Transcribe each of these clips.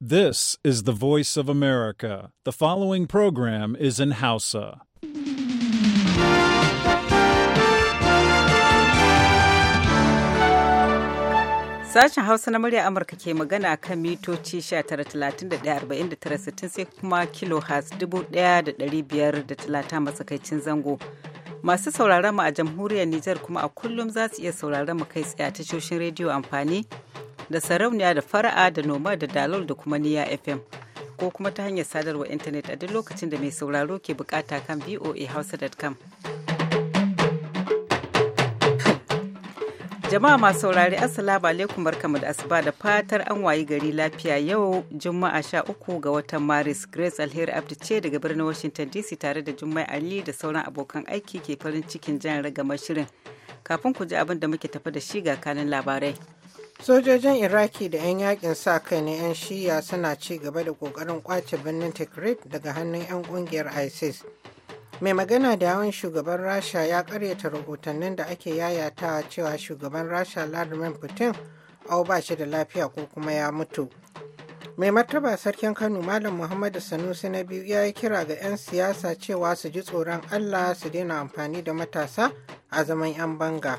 This is the voice of America. The following program is in Hausa. Sashen Hausa na murya Amurka ke magana kan mitoci 19,31,49,60 sai kuma kilohertz 1,530 matsakaicin zango. Masu sauraron mu a jamhuriyar Nijar kuma a kullum za su iya sauraron mu kai tsaye a tashoshin rediyo amfani da sarauniya da fara'a da noma da dalol da kuma niya FM. Ko kuma ta hanyar sadarwa intanet a duk lokacin da mai sauraro ke bukata kan voahausa.com. Jama'a masu saurari Assalamu alaikum barkamu da asuba da fatar an wayi gari lafiya yau Juma'a sha uku ga watan Maris Grace Alheri Abdi ce daga birnin Washington DC tare da Jummai Ali da sauran abokan aiki ke farin cikin jan ragama shirin. Kafin ku ji abin da muke tafi da shi ga kanin labarai. Sojojin Iraki da 'yan yakin sa kai na 'yan Shiya suna ci gaba da kokarin kwace birnin Tikrit daga hannun 'yan kungiyar ISIS. mai magana da yawan shugaban rasha ya karyata rahotannin da ake yayatawa cewa shugaban rasha vladimir putin au ba shi da lafiya ko kuma ya mutu mai martaba sarkin kano malam muhammadu sanusi na biyu ya yi kira ga 'yan siyasa cewa su ji tsoron allah su daina amfani da matasa a zaman 'yan banga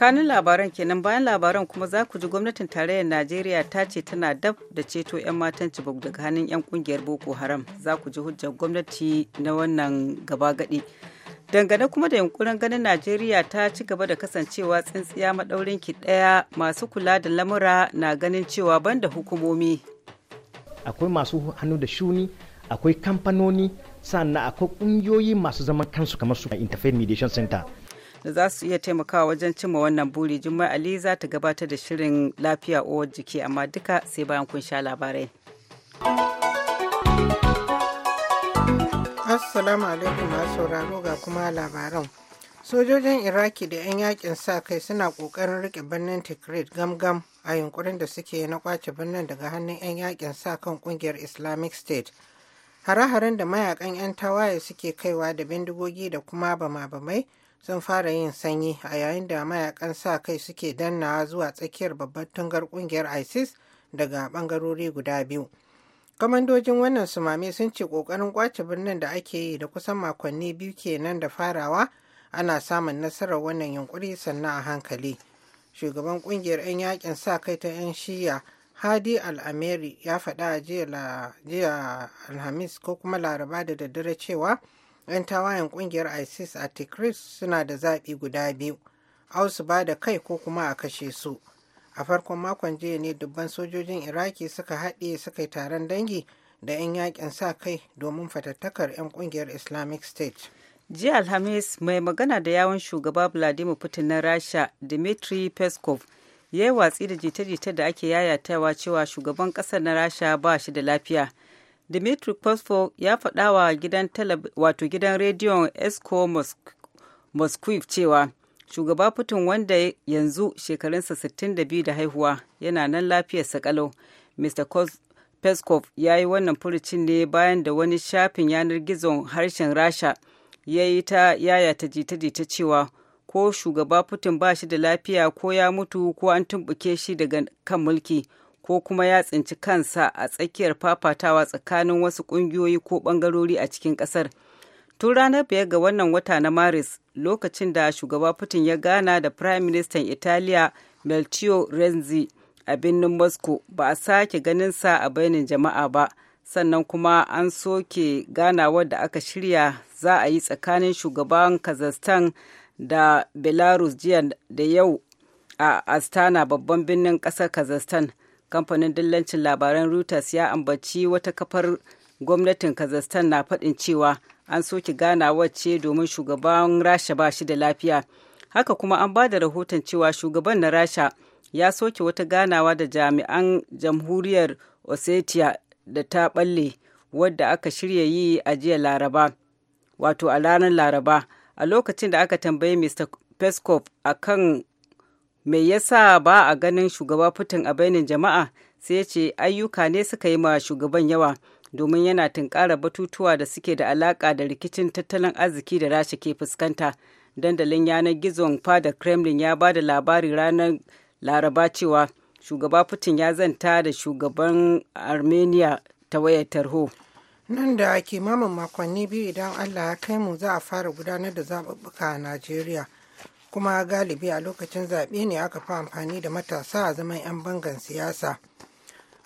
tsakanin labaran kenan bayan labaran kuma za ku ji gwamnatin tarayyar najeriya ta ce tana dab da ceto 'yan matan cibok daga hannun 'yan kungiyar boko haram za ku ji hujjar gwamnati na wannan gaba gadi dangane kuma da yunkurin ganin najeriya ta ci gaba da kasancewa tsintsiya maɗaurin ki ɗaya masu kula da lamura na ganin cewa banda hukumomi akwai masu hannu da shuni akwai kamfanoni sannan akwai ƙungiyoyi masu zaman kansu kamar su interfaith mediation center da za su iya taimakawa wajen cimma wannan buri juma ali za ta gabatar da shirin lafiya uwar jiki amma duka sai bayan kun sha labarai assalamu alaikum masu sauraro ga kuma labaran sojojin iraki da 'yan yakin sa kai suna kokarin rike birnin tikrit gam a yunkurin da suke na kwace birnin daga hannun 'yan yakin sa kan kungiyar islamic state hare-haren da mayakan 'yan tawaye suke kaiwa da bindigogi da kuma bama-bamai sun fara yin sanyi a yayin da mayakan sa kai suke dannawa zuwa tsakiyar babbar tungar kungiyar isis daga bangarori guda biyu kamandojin wannan sumame sun ce kokarin kwace birnin da ake yi da kusan makonni biyu kenan da farawa ana samun nasarar wannan yunkuri sannan a hankali shugaban kungiyar 'yan yakin sa kai ta 'yan shiya hadi al-ameri ya faɗa a jiya alhamis ko kuma laraba da daddare cewa 'yan tawayen kungiyar isis a Tigris suna da zaɓi guda biyu au su ba da kai ko kuma a kashe su a farkon makon jiya ne dubban sojojin iraki suka haɗe suka yi taron dangi da 'yan yakin sa kai domin fatattakar 'yan kungiyar islamic state jiya alhamis mai magana da yawon shugaba vladimir putin na rasha dmitry peskov ya yi watsi da jita-jita da ake yayatawa cewa shugaban ƙasar na rasha ba shi da lafiya dimitri Peskov ya faɗa wa gidan wato gidan rediyon esco moskwif cewa shugaba putin wanda yanzu shekarunsa 62 da haihuwa yana nan lafiyarsa kalau mr peskov ya yi wannan furucin ne bayan da wani shafin yanar gizon harshen rasha ya yi ta yaya ta jita-jita cewa ko shugaba putin ba shi da lafiya ko ya mutu ko an tumbuke shi daga kan mulki ko kuma ya tsinci kansa a tsakiyar fafatawa tsakanin wasu ƙungiyoyi ko ɓangarori a cikin ƙasar. Tun ranar biyar ga wannan wata na Maris lokacin da shugaba Putin ya gana da Prime Minister Italiya Melchior Renzi a birnin Moscow ba a sake ganin sa a bainin jama'a ba. sannan kuma an soke ganawar da aka shirya za a yi tsakanin shugaban kazakhstan da belarus jiya da yau a astana babban birnin ƙasar kazakhstan kamfanin dillancin labaran reuters ya ambaci wata kafar gwamnatin kazakhstan na faɗin cewa an soke ganawar ce domin shugaban rasha ba shi da lafiya haka kuma an ba da rahoton cewa shugaban na rasha ya soke wata ganawa da jami'an jamhuriyar ossetia da ta balle wadda aka shirya yi a jiya laraba wato a ranar laraba a lokacin da aka tambayi mr peskov a kan me yasa ba a ganin shugaba fitin a bainin jama'a sai ya ce ayyuka ne suka yi ma shugaban yawa domin yana tunkara batutuwa da suke da alaka da rikicin tattalin arziki da rasha ke fuskanta dandalin yanar gizon fada kremlin ya ba da labari ranar laraba cewa shugaba putin ya zanta da shugaban armenia ta wayar tarho nan da kimamin makonni biyu idan allah ya kai mu za a fara gudanar da zaɓuɓɓuka a najeriya kuma galibi a lokacin zaɓe ne aka fi amfani da matasa a zaman 'yan bangan siyasa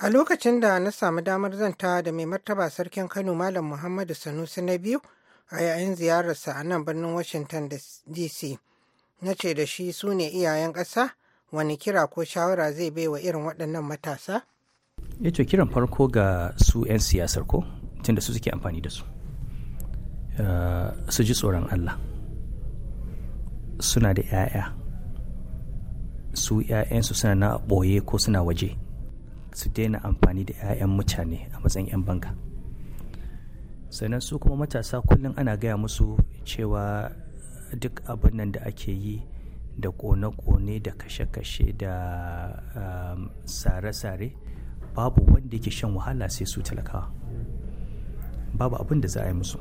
a lokacin da na samu damar zanta da mai martaba sarkin kano malam muhammadu sanusi na biyu a yayin ziyararsa a nan birnin washington dc na ce da shi su ne iyayen ƙasa wani kira ko shawara zai bai wa irin waɗannan matasa yato eh kiran farko ga su 'yan siyasar ko tunda su suke amfani da su eh, su ji tsoron allah suna da 'ya'ya su 'ya'yansu suna na ɓoye ko suna waje su daina amfani da 'ya'yan mutane a matsayin 'yan banka sannan su kuma matasa kullum ana gaya musu cewa duk abin nan da ake yi da kone-kone da kashe-kashe da um, sare-sare babu wanda yake shan wahala sai su talakawa babu abin da za a yi musu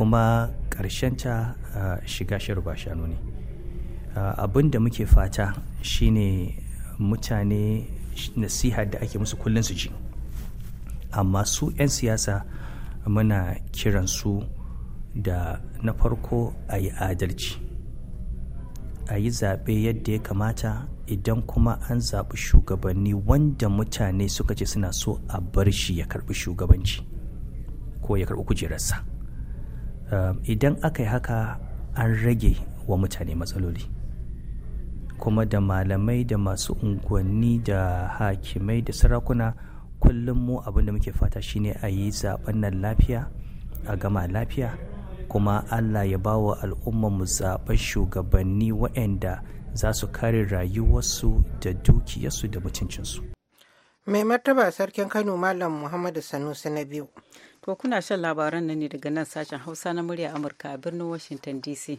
kuma ta shiga shirba shanu ne abin da muke fata shine mutane nasiha da ake musu kullum su ji amma su 'yan siyasa muna kiran su da na farko a yi adalci a yi zaɓe yadda ya kamata idan kuma an zaɓi shugabanni wanda mutane suka ce suna so a bar shi ya karɓi shugabanci ko ya karɓi kujerarsa Ehm, idan aka yi haka an rage wa mutane matsaloli kuma da malamai da masu unguwanni da hakimai da sarakuna kullum mu abin da muke fata shine a yi zaben nan lafiya a gama lafiya kuma allah ya ba wa mu zaben shugabanni waɗanda za su kare rayuwarsu da dukiyarsu da mutuncinsu mai martaba sarkin kano malam muhammadu sanusi na biyu To kuna shan labaran nan ne daga nan sashen Hausa na murya Amurka a birnin Washington DC.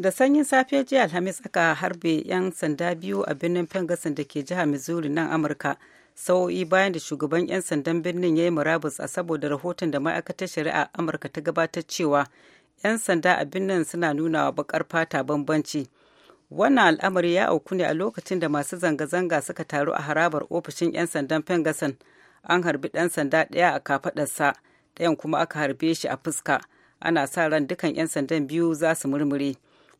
da sanyin safiyar jiya alhamis aka harbe 'yan sanda biyu a birnin fengasin da ke jihar missouri nan amurka sa'o'i bayan da shugaban 'yan sandan birnin ya yi murabus a saboda rahoton da ma'aikatar shari'a amurka ta gabatar cewa 'yan sanda a birnin suna nuna wa bakar fata bambanci wannan al'amari ya auku ne a lokacin da masu zanga-zanga suka taru a harabar ofishin 'yan sandan fengasan an harbi ɗan sanda ɗaya a kafaɗarsa ɗayan kuma aka harbe shi a fuska ana sa ran dukan 'yan sandan biyu za su murmure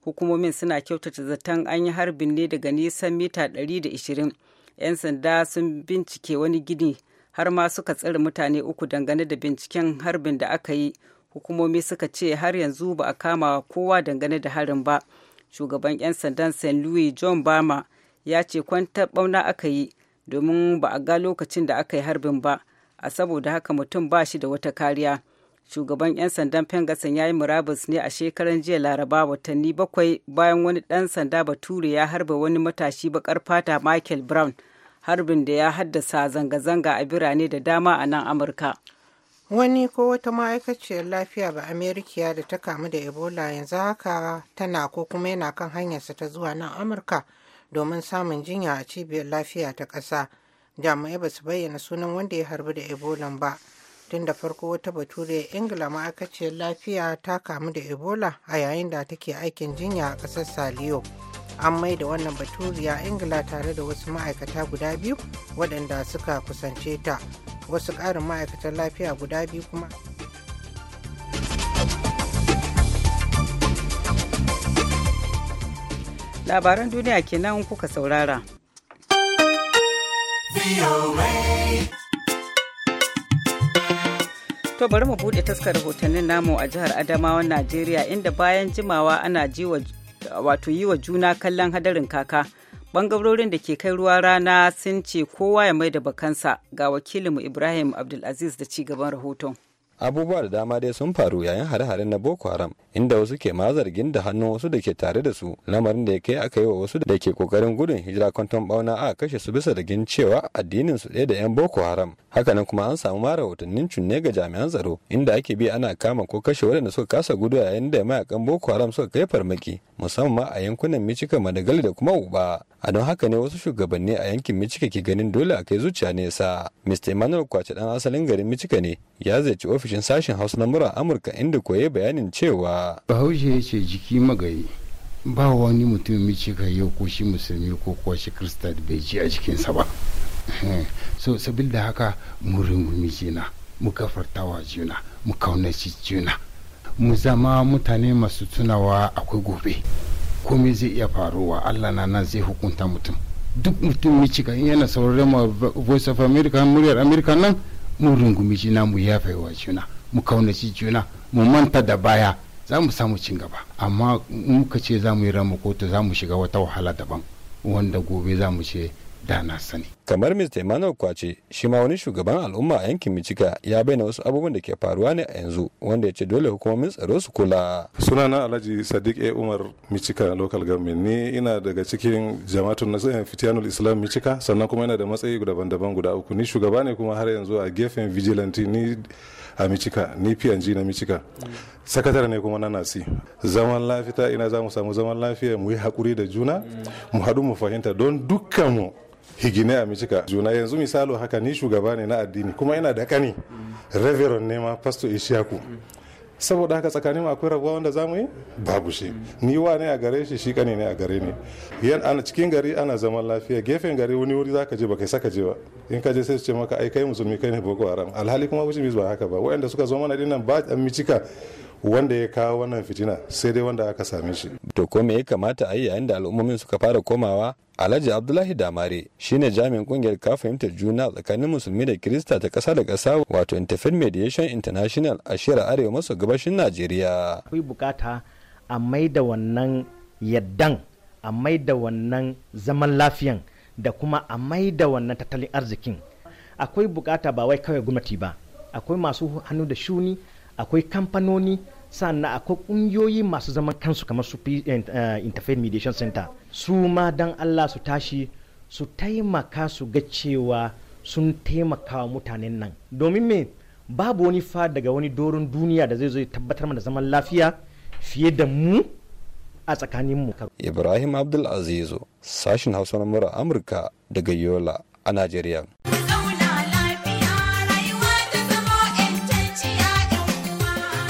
hukumomin suna kyautata zaton an yi harbin ne daga nisan mita 120 'yan sanda sun bincike wani gini har ma suka tsare mutane uku dangane da binciken harbin da aka yi hukumomi suka ce har yanzu ba a kama kowa dangane da harin ba shugaban 'yan sandan st louis john bama ya ce kwanta bauna aka yi domin ba a ga lokacin da aka yi harbin ba a saboda haka mutum ba shi da wata kariya shugaban 'yan sandan Ferguson ya yi murabus ne a shekaran jiya laraba watanni bakwai bayan wani ɗan sanda bature ya harba wani matashi bakar fata michael brown harbin da ya haddasa zanga-zanga a birane da dama a nan amurka wani ko wata ma'aikaciyar lafiya ba amerika da ta kamu da ebola yanzu haka tana ko kuma yana kan hanyarsa ta zuwa nan amurka domin samun jinya a cibiyar lafiya ta ƙasa jami'ai ba su bayyana sunan wanda ya harbi da ebolan ba tun da farko wata bature ingila ma'aikaciyar lafiya ta kamu da ebola a yayin da take aikin jinya a ƙasar saliyo an mai da wannan baturiya ingila tare da wasu ma'aikata guda biyu waɗanda suka kusance ta wasu ƙarin ma'aikatar lafiya guda biyu kuma labaran duniya kenan kuka saurara. To bari mu buɗe taskar rahotannin namu a jihar Adamawan Najeriya inda bayan jimawa ana wato yi wa juna kallon hadarin kaka. Bangarorin da ke kai ruwa rana sun ce kowa ya mai da bakansa ga wakilinmu Ibrahim Abdulaziz da ci gaban rahoton. abubuwa da dama dai sun faru yayin hare-hare na boko haram inda wasu ke ma zargin da hannu wasu da ke tare da su lamarin da ya kai aka yi wa wasu da ke kokarin gudun hijira kwanton bauna a kashe su bisa gin cewa addinin su ɗaya da yan boko haram hakanan kuma an samu mara rahotannin cunne ga jami'an tsaro inda ake bi ana kama ko kashe waɗanda suka kasa gudu yayin da mayakan boko haram suka kai farmaki musamman a yankunan micika madagali da kuma uba a don haka ne wasu shugabanni a yankin micika ke ganin dole a kai zuciya nesa mr emmanuel kwace dan asalin garin micika ne ya ci ofis ofishin sashen hausa na mura amurka inda ya bayanin cewa bahaushe ya ce jiki magayi ba wani mutum ce ka yau ko shi musulmi ko kuwa shi krista da bai ji a jikinsa ba eh, so sabil da haka mu rungumi juna mu gafartawa juna mu kaunaci juna mu zama mutane masu tunawa akwai gobe komai zai iya faruwa allah na nan zai hukunta mutum duk mutum cika yana sauraron voice of america muryar america nan mu rungumi juna mu wa juna mu kaunaci juna mu manta da baya za mu samu cin gaba amma muka ce za mu yi ramako to za mu shiga wata wahala daban wanda gobe za mu ce da na sani. Kamar Mr. Emmanuel Kwace, shi ma wani shugaban al'umma a yankin Michika ya bayyana wasu abubuwan da ke faruwa ne a yanzu wanda ya ce dole hukumomin tsaro su kula. Sunana Alhaji Sadiq A. Umar Michika Local Government ni ina daga cikin jama'atun na Fitiyanul Islam Michika sannan kuma ina da matsayi daban-daban guda uku ni shugaba ne kuma har yanzu a gefen vigilante ni a Michika ni PNG na Michika. sakatare ne kuma na nasi zaman lafita ina za mu samu zaman lafiya mu yi haƙuri da juna mu haɗu mu fahimta don dukkanmu higine a micika juna yanzu misalo haka ni shugaba ne na addini kuma yana da kani reverend ne ma pastor ishaku saboda haka tsakanin akwai rabuwa wanda zamu yi babu shi ni wa ne a gare shi shi kane ne a gare ni yan ana cikin gari ana zaman lafiya gefen gari wani wuri zaka je baka saka je ba in ka je sai su ce maka ai kai musulmi kai ne boko haram alhali kuma wuce ba haka ba wa'anda suka zo mana dinnan ba a micika wanda ya kawo wannan fitina sai dai wanda aka same shi to ko me ya kamata a yi yayin da al'ummomin suka fara komawa Alhaji Abdullahi Damare shine jami'in kungiyar ka fahimtar juna tsakanin musulmi da Kirista ta kasa da ƙasa wato Interfaith Mediation International a shirar Arewa maso gabashin Najeriya. Akwai bukata a da wannan yaddan a da wannan zaman lafiyan da kuma a da wannan tattalin arzikin. Akwai bukata ba wai kawai gwamnati ba. Akwai masu hannu da shuni akwai kamfanoni sannan akwai ƙungiyoyi masu zaman kansu kamar su eh, eh, interfaith mediation center su ma dan allah su tashi su taimaka su ga cewa sun taimaka wa mutanen nan domin me babu wani fa daga wani doron duniya da zai zo tabbatar mana zaman lafiya fiye da mu a tsakanin mu. ibrahim abdulazizu sashin hausa na mura amurka daga yola a nigeria.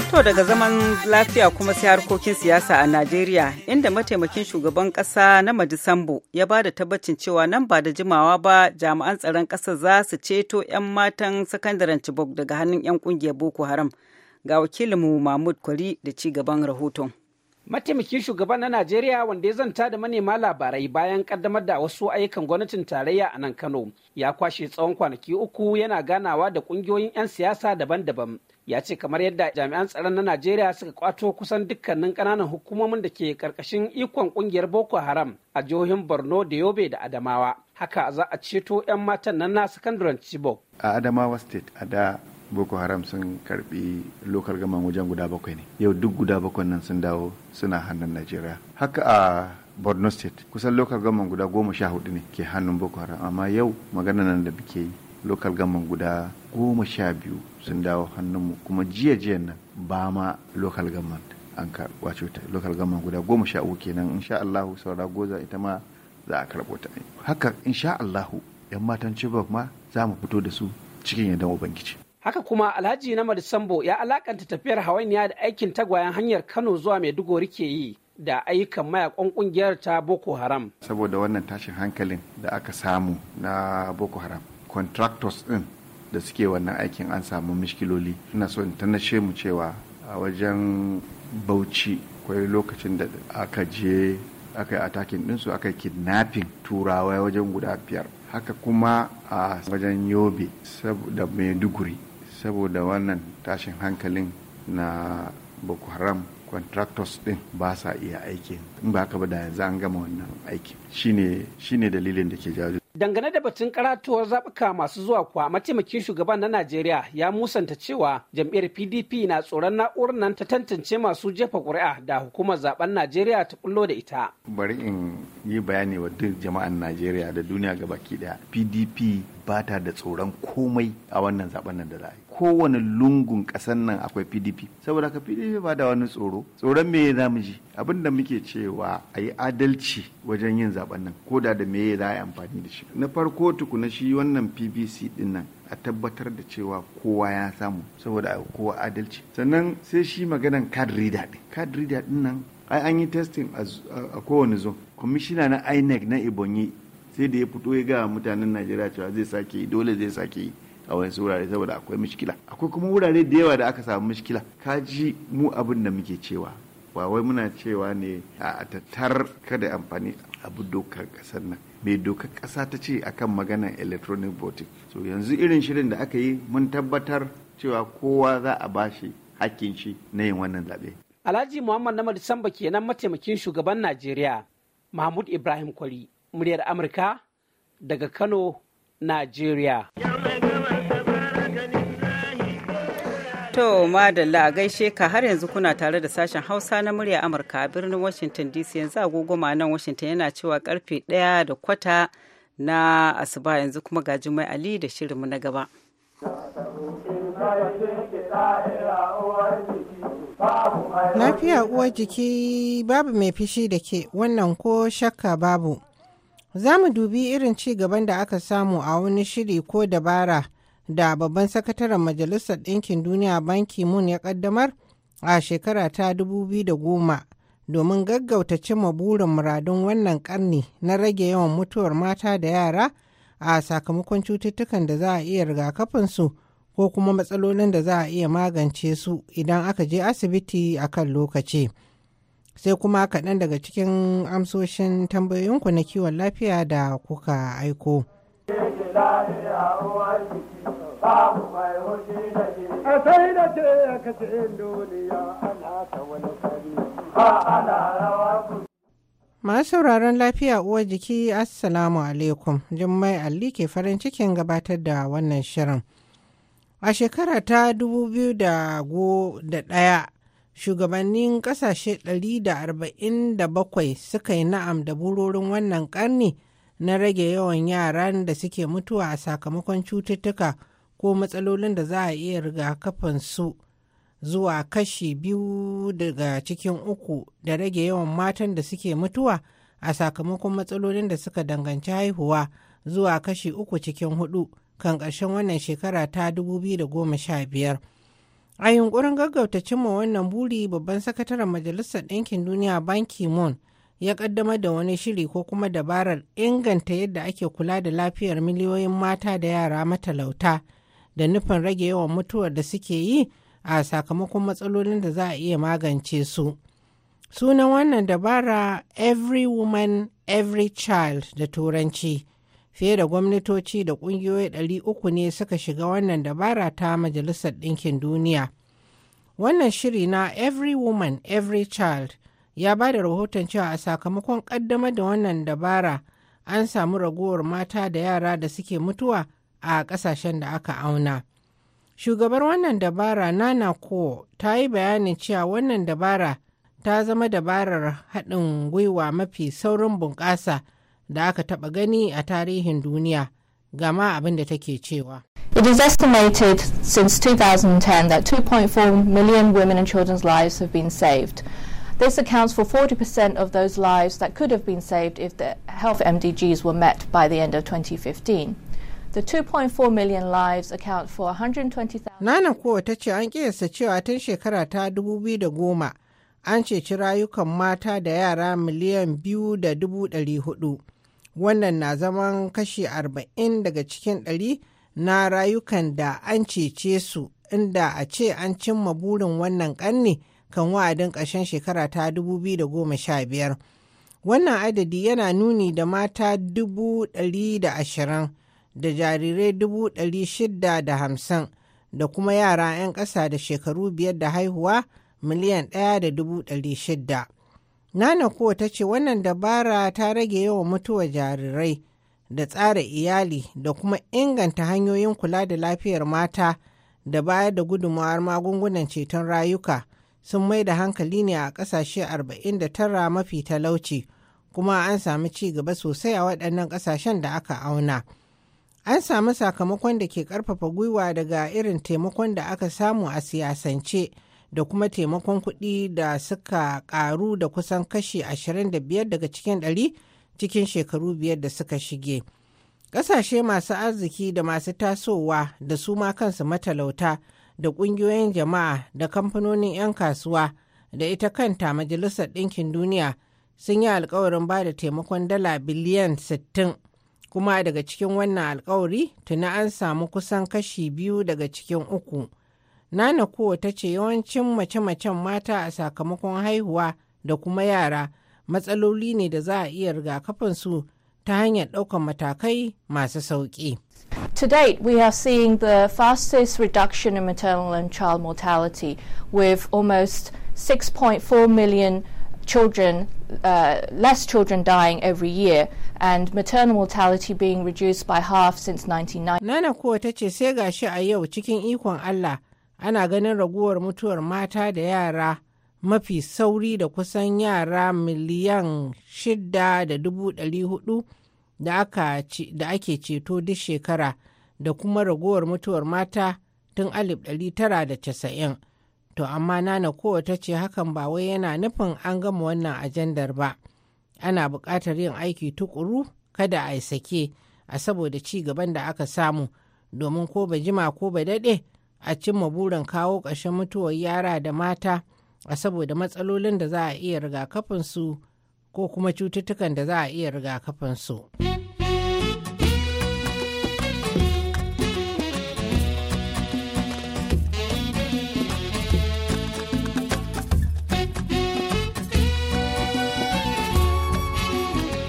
To daga zaman lafiya kuma sai harkokin siyasa a Najeriya inda mataimakin shugaban kasa na Madisambu ya ba da tabbacin cewa nan ba da jimawa ba jami'an tsaron kasa za su ceto 'yan matan sakandaren Chibok daga hannun 'yan kungiyar Boko Haram. Ga wakilinmu Mahmud Kwari da ci gaban rahoton. Mataimakin shugaban na Najeriya wanda ya zanta da manema labarai bayan kaddamar da wasu ayyukan gwamnatin tarayya a nan Kano ya kwashe tsawon kwanaki uku yana ganawa da kungiyoyin 'yan siyasa daban-daban. Ya ce kamar yadda jami'an tsaron na Najeriya suka kwato kusan dukkanin ƙananan hukumomin da ke karkashin ikon kungiyar Boko Haram a jihohin Borno da Yobe da Adamawa. Haka za a ceto 'yan matan nan na sakandaren Chibok. A Adamawa State a da boko haram sun karbi lokar gaman wajen guda bakwai ne yau duk guda bakwai nan sun dawo suna hannun najeriya haka a borno state kusan lokal gaman guda goma sha hudu ne ke hannun boko haram amma yau magana nan da muke yi lokal gaman guda goma sha biyu sun dawo hannunmu kuma jiya jiya nan ba ma lokal gaman an karɓa ta lokal gaman guda goma sha uku kenan insha allahu saura goza ita ma za a karɓo ta haka insha allahu yan matan chibok ma za mu fito da su cikin yadda ubangiji Haka kuma Alhaji na Sambo ya alakanta tafiyar hawainiya da aikin tagwayen hanyar Kano zuwa Maiduguri ke yi da ayyukan mayakan kungiyar ta Boko Haram. Saboda wannan tashin hankalin da aka samu na Boko Haram, contractors din da suke wannan aikin an samu mishkiloli. Ina so in mu cewa a wajen Bauchi kwai lokacin da aka je aka yi atakin ɗinsu aka yi kidnapping turawa wajen guda biyar haka kuma a wajen yobe saboda maiduguri saboda wannan tashin hankalin na boko haram contractors din ba sa iya aiki in ba haka ba da yanzu an gama wannan aiki shine shine dalilin da ke jawo dangane da batun karatuwar zaɓuka masu zuwa kuwa mataimakin shugaban na najeriya ya musanta cewa jam'iyyar pdp na tsoron na'urar nan ta tantance masu jefa ƙuri'a da hukumar zaben najeriya ta kullo da ita bari in yi bayani wa duk jama'an najeriya da duniya gabaki daya pdp Bata da tsoron komai a wannan zaben nan da za a yi kowane lungun ƙasar nan akwai pdp saboda ka pdp ba da wani tsoro tsoron me za mu ji abin da muke cewa a yi adalci wajen yin zaben nan ko da da me za a yi amfani da shi na farko tukuna shi wannan pbc din nan a tabbatar da cewa kowa ya samu saboda kowa adalci sannan sai shi maganan card reader din card reader din nan ai an yi testing a kowane zone kwamishina na inec na ibonyi sai da ya fito ya ga mutanen najeriya cewa zai sake yi dole zai sake yi a wasu wurare saboda akwai mishkila akwai kuma wurare da yawa da aka samu mishkila ka ji mu abin da muke cewa ba wai muna cewa ne a tattar kada amfani abu dokar kasar nan mai dokar kasa ta ce akan magana electronic voting so yanzu irin shirin da aka yi mun tabbatar cewa kowa za a bashi hakkin shi na yin wannan zaɓe. Alhaji Muhammad Namadi Samba kenan mataimakin shugaban Najeriya Mahmud Ibrahim Kwari muryar Amurka daga Kano, Najeriya. To, madalla a gaishe ka har yanzu kuna tare da sashen Hausa na murya Amurka a birnin Washington DC yanzu agogoma nan Washington yana cewa karfe ɗaya da kwata na asuba yanzu kuma ga mai Ali da shirinmu na gaba. Lafiya uwar jiki babu mai fishi da ke wannan ko shakka babu. Za mu dubi irin ci gaban da aka samu a wani shiri ko dabara da babban sakataren Majalisar Ɗinkin Duniya Banki Mun ya ƙaddamar a shekara ta 2010 domin gaggauta cimma burin muradun wannan ƙarni na rage yawan mutuwar mata da yara a sakamakon cututtukan da za a iya rigakafinsu ko kuma matsalolin da za a iya magance su idan aka je asibiti akan lokaci. sai kuma kaɗan daga cikin amsoshin tambayoyinku na kiwon lafiya da kuka aiko. Masu sauraron lafiya uwar jiki Assalamu alaikum, Jummai Alli ke farin cikin gabatar da wannan shirin. A shekara ta 2001 shugabannin kasashe 147 suka yi na'am da burorin wannan karni na rage yawan yaran da suke mutuwa a sakamakon cututtuka ko matsalolin da za a iya rigakafin su zuwa kashi biyu daga cikin uku da rage yawan matan da suke mutuwa a sakamakon matsalolin da suka danganci haihuwa zuwa kashi uku cikin hudu kan ƙarshen wannan shekara ta 2015 A yunkurin gaggauta cimma wannan buri babban sakataren Majalisar Ɗinkin Duniya Ban Ki-moon ya ƙaddamar da wani shiri ko kuma dabarar inganta yadda ake kula da lafiyar miliyoyin mata da yara matalauta da nufin rage yawan mutuwar da suke yi a sakamakon matsalolin da za a iya magance su. Sunan wannan dabara Every Woman, Every Child da Turanci. fiye da gwamnatoci da ƙungiyoyi ɗari uku ne suka shiga wannan dabara ta majalisar ɗinkin duniya wannan shiri na every woman every child ya ba da rahoton cewa a sakamakon ƙaddamar da wannan dabara an samu ragowar mata da yara da suke mutuwa a ƙasashen da aka auna shugabar wannan dabara nana ko ta yi bayanin cewa wannan dabara ta zama dabarar haɗin gwiwa mafi saurin bunƙasa da aka taɓa gani a tarihin duniya gama abin da take cewa. It is estimated since 2010 that 2.4 million women and children's lives have been saved. This accounts for 40% of those lives that could have been saved if the health MDGs were met by the end of 2015. The 2.4 million lives account for 120,000. Nana kowa ta ce an kiyasta cewa tun shekara ta 2010 an ceci rayukan mata da yara miliyan biyu da wannan na zaman kashi arba'in daga cikin ɗari na rayukan da an cece su inda a ce an cimma burin wannan ƙarni kan wa'adin ƙarshen shekara ta 2015 wannan adadi yana nuni da mata 120 da jarirai 650 da kuma yara 'yan ƙasa da shekaru biyar da haihuwa miliyan 1.6 Nana kuwa ta ce wannan dabara ta rage yawan mutuwa jarirai da tsara iyali da kuma inganta hanyoyin kula da lafiyar mata da baya da gudunmawar magungunan ceton rayuka sun mai da hankali ne a ƙasashe 49 mafi talauci kuma an sami ci gaba sosai a waɗannan ƙasashen da aka auna. An sami sakamakon da ke ƙarfafa gwiwa daga irin taimakon da aka samu a siyasance. da kuma taimakon kuɗi da suka ƙaru da kusan kashi 25 daga cikin ɗari cikin shekaru biyar da suka shige. Ƙasashe masu arziki da masu tasowa da su ma kansu matalauta da ƙungiyoyin jama'a da kamfanonin 'yan kasuwa da ita kanta Majalisar Ɗinkin Duniya sun yi alkawarin ba da taimakon dala biliyan 60 kuma daga cikin wannan alkawari tuna an samu kusan kashi biyu daga cikin uku. Nana kowa ta ce yawancin mace-macen mata a sakamakon haihuwa da kuma yara matsaloli ne da za a iya rigakafinsu ta hanyar ɗaukar matakai masu sauƙi. To date, we are seeing the fastest reduction in maternal and child mortality with almost 6.4 million children, uh, less children dying every year, and maternal mortality being reduced by half since 1990. Nana kuwa ta ce sai gashi a yau cikin ikon Allah ana ganin raguwar mutuwar mata da yara mafi sauri da kusan yara miliyan shida da dubu ɗari hudu da ake ceto duk shekara da kuma raguwar mutuwar mata tun alif ɗari tara da casa'in to amma nana kowata ce hakan ba wai yana nufin an gama wannan ajandar ba ana buƙatar yin aiki tukuru kada a sake a saboda ci gaban da aka samu domin ko ba jima ko ba daɗe a cimma burin kawo ƙarshen mutuwar yara da mata a saboda matsalolin da za a iya rigakafinsu ko kuma cututtukan da za a iya rigakafinsu.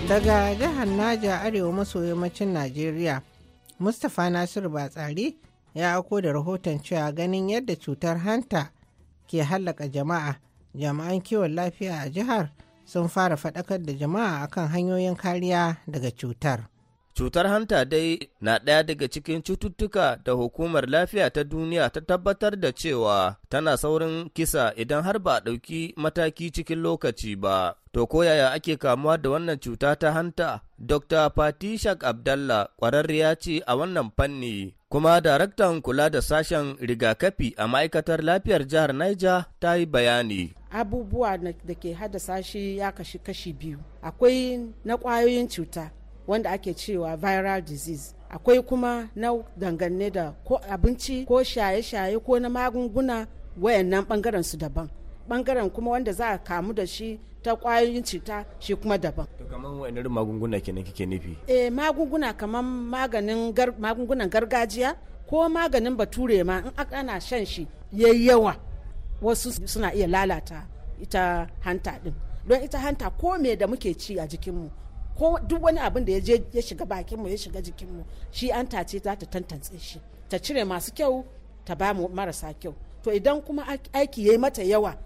Daga jihar Naja Arewa maso yammacin Najeriya, Mustapha Nasiru Batsari ya ako da rahoton cewa ganin yadda cutar hanta ke hallaka jama'a jama'an kiwon lafiya a jihar sun fara faɗakar da jama'a akan hanyoyin kariya daga cutar. Cutar hanta dai na ɗaya daga cikin cututtuka da hukumar lafiya ta duniya ta tabbatar da cewa tana saurin kisa idan har ba a ɗauki mataki cikin lokaci ba. To koyaya ake kamuwa da wannan cuta ta hanta? Dr. Fatishak Abdallah ƙwararriya ce a wannan fanni kuma daraktan kula da sashen rigakafi a ma'aikatar lafiyar jihar Niger ta yi bayani. Abubuwa da ke haddasa shi ya kashi kashi biyu. Akwai na kwayoyin cuta wanda ake cewa viral disease akwai kuma na dangane da ko abinci ko shaye-shaye ko na magunguna wayannan bangaren su daban bangaren kuma wanda za a kamu da shi ta kwayoyin cuta shi kuma daban. To kamar wani magunguna kenan kike nufi? Eh magunguna kamar maganin magungunan gargajiya ko maganin bature ma in ana shan shi yayi yawa wasu suna iya lalata ita hanta din. Don ita hanta ko me da muke ci a jikinmu ko duk wani abin da ya je ya shiga bakinmu ya shiga jikinmu shi an tace za ta tantance shi ta cire masu kyau ta ba mu marasa kyau to idan kuma aiki ya yi mata yawa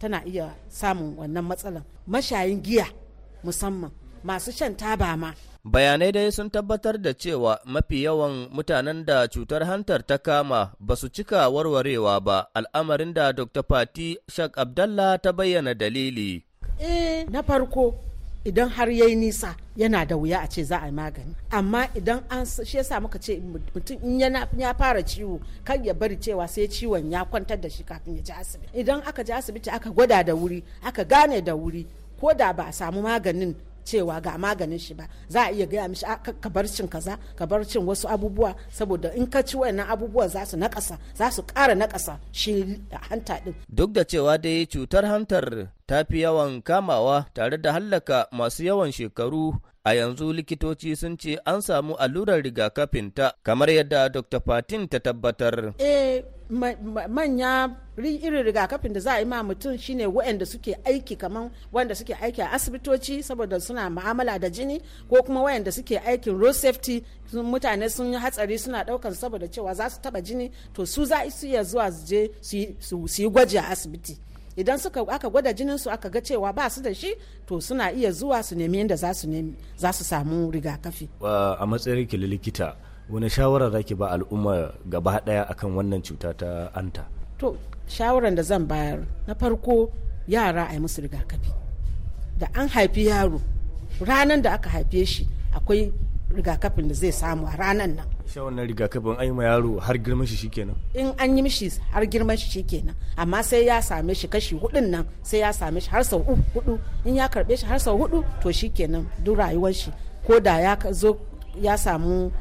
tana iya samun wannan matsalan mashayin giya musamman masu shan taba ma bayanai dai sun tabbatar da cewa mafi yawan mutanen da cutar hantar ta kama ba su cika warwarewa ba al'amarin da dr fati shak abdallah ta bayyana dalili eh na farko idan har ya yi nisa yana da wuya a ce za a yi magani amma idan an shi yasa muka ce mutum in ya fara ciwo kan ya bari cewa sai ciwon ya kwantar da shi kafin ya ji asibiti idan aka ji asibiti aka gwada da wuri aka gane da wuri ko da ba a samu maganin cewa ga maganin shi ba za a iya gaya mishi ah, ka bar cin kaza ka bar cin wasu abubuwa saboda in ka ci wayannan abubuwa za su nakasa za su kara nakasa shi hanta din duk da cewa dai cutar hantar ta fi yawan kamawa tare da hallaka masu yawan shekaru a yanzu likitoci sun ce an samu allurar rigakafin ta kamar yadda dr fatin ta tabbatar eh manya irin rigakafin da za a yi ma mutum shine waɗanda suke aiki kamar wanda suke aiki a asibitoci saboda suna ma'amala da jini ko kuma waɗanda suke aikin road safety mutane sun yi hatsari suna ɗaukan saboda cewa za su taɓa jini to su za su iya zuwa su je su yi gwaji a asibiti idan suka aka gwada jinin su aka ga cewa ba su da shi to suna iya zuwa su nemi yadda za su samu rigakafi a matsayin likita wani shawarar da ke ba al'umma gaba daya akan wannan cuta ta anta to shawaran da zan bayar na farko yara a yi musu rigakafi da an haifi yaro ranar da aka haife shi akwai rigakafin da zai samu a ranar nan sha wannan rigakafin an yi ma yaro har girman shi shikenan in an yi mishi har girman shi shikenan amma sai ya same shi kashi hudun nan sai ya same shi har sau hudu in ya karbe shi har sau hudu to shi kenan duk rayuwar shi ko da ya zo ya samu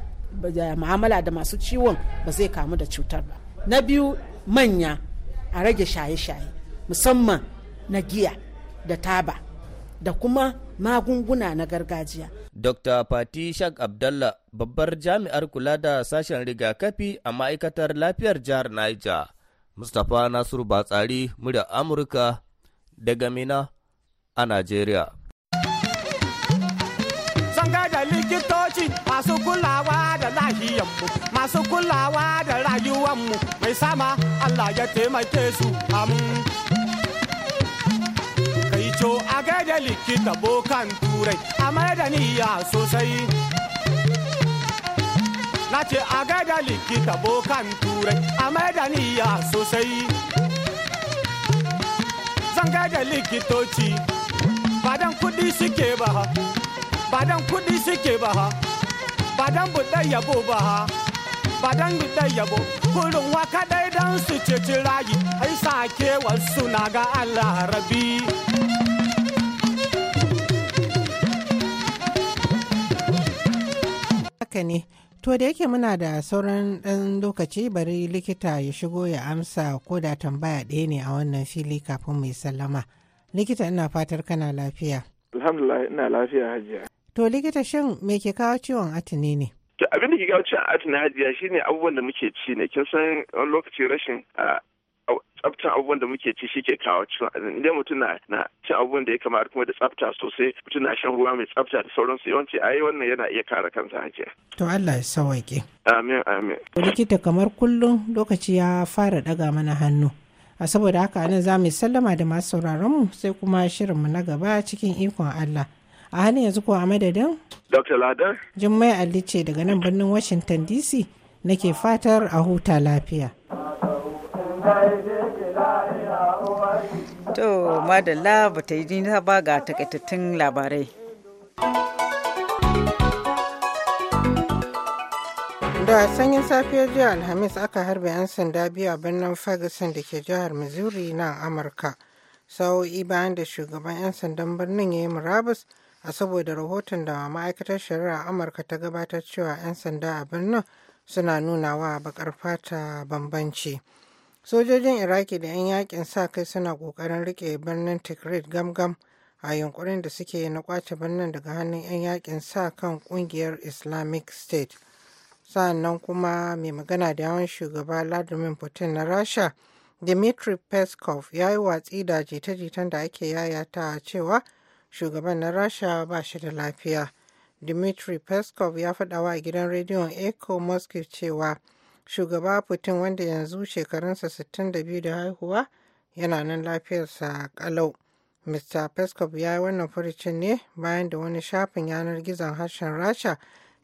mu'amala da masu ciwon ba zai kamu da cutar ba na biyu manya a rage shaye-shaye musamman na giya da taba da kuma magunguna na gargajiya. Dr. Fati Shak Abdallah babbar jami'ar kula da sashen rigakafi a ma'aikatar lafiyar jihar Niger. Mustapha Nasiru Batsari, murya Amurka daga Mina a nigeria. likitoci masu kulawa da lahiyanmu masu kulawa da rayuwanmu mai sama Allah ya taimake su amin. Kai co a gaida likita bokan turai a da niyya sosai. Na ce a gaida likita bokan turai a da niyya sosai. Zan gaida likitoci badan kudi suke ba ba dan kuɗi suke ba ha ba dan buɗar yabo ba ha ba dan buɗar yabo kurin waka dai dan su ceci rayi ai sake wasu na ga Allah rabi haka ne to da yake muna da sauran ɗan lokaci bari likita ya shigo ya amsa ko da tambaya ɗaya ne a wannan fili kafin mai sallama likita ina fatar kana lafiya alhamdulillah ina lafiya hajiya To likita shin me ke kawo ciwon atini ne? Abin da ke kawo ciwon atini hajiya shine abubuwan da muke ci ne. Kin san wani lokaci rashin tsaftan abubuwan da muke ci shi ke kawo ciwon atini. idan mutum na cin abubuwan da ya kamata kuma da tsafta sosai mutum na shan ruwa mai tsafta da sauransu yawanci ayi wannan yana iya kare kansa hajiya to Allah ya sawaike amin amin likita kamar kullum lokaci ya fara daga mana hannu a saboda haka nan za mu sallama da masu sauraron mu sai kuma shirin mu na gaba cikin ikon Allah a halin yanzu ko a madadin dr ladar jummai alli ce daga nan birnin washington dc nake fatar a huta lafiya to madalla ba ta yi ba ga takaitattun labarai da sanyin safiyar jiya alhamis aka harbe 'yan sanda biyu a birnin ferguson da ke jihar missouri na amurka sau'i bayan da shugaban 'yan sandan birnin ya yi murabus a saboda rahoton da ma'aikatar shari'a amurka ta gabatar cewa 'yan sanda a birnin suna nuna wa bakar fata bambanci sojojin iraki da 'yan yakin sa kai suna kokarin rike birnin tikrit gamgam a yunkurin da suke na kwace birnin daga hannun 'yan yakin sa kan kungiyar islamic state sa'annan kuma mai magana da yawan shugaba vladimir putin na rasha dmitry peskov ya yi watsi da jita-jitan da ake yaya ta cewa shugaban na rasha ba shi da lafiya dmitry peskov ya faɗawa a gidan rediyon echo moscow cewa shugaba putin wanda yanzu shekarunsa 62 da haihuwa yana nan lafiyarsa kalau mr peskov ya yi wannan furucin ne bayan da wani shafin yanar gizon harshen rasha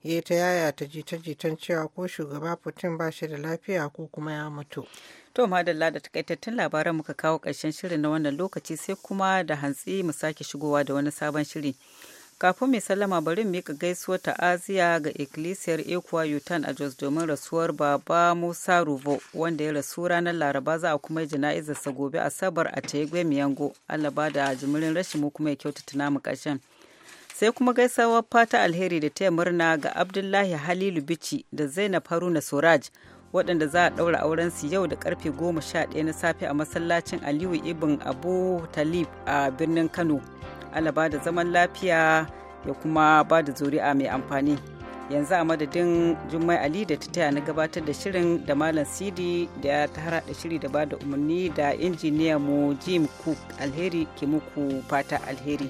ya ta yaya ta jita-jitan cewa ko shugaba putin ba shi da lafiya ko kuma ya mutu To madalla da takaitattun labaran muka kawo ƙarshen shirin na wannan lokaci sai kuma da hantsi mu sake shigowa da wani sabon shiri. Kafin mai sallama bari mu gaisuwa gaisuwar ta'aziya ga ikkilisiyar Ekuwa Yutan a Jos domin rasuwar Baba Musa Rubo wanda ya rasu ranar Laraba za a kuma jana'izarsa gobe Asabar a Taigwe Miyango. Allah ba da jimirin rashin mu kuma ya kyautata namu ƙarshen. sai kuma gaisawar fata alheri da ta murna ga abdullahi halilu bici da zainab haruna suraj waɗanda za a ɗaura auren su yau da karfe 11 na safe a masallacin aliyu ibn abu talib a birnin kano alaba da zaman lafiya ya kuma ba da zuri'a mai amfani yanzu a madadin jummai ali da ta taya na gabatar da shirin da malam sidi da ta da shiri da ba da umarni da injiniya mu jim cook alheri ke muku fata alheri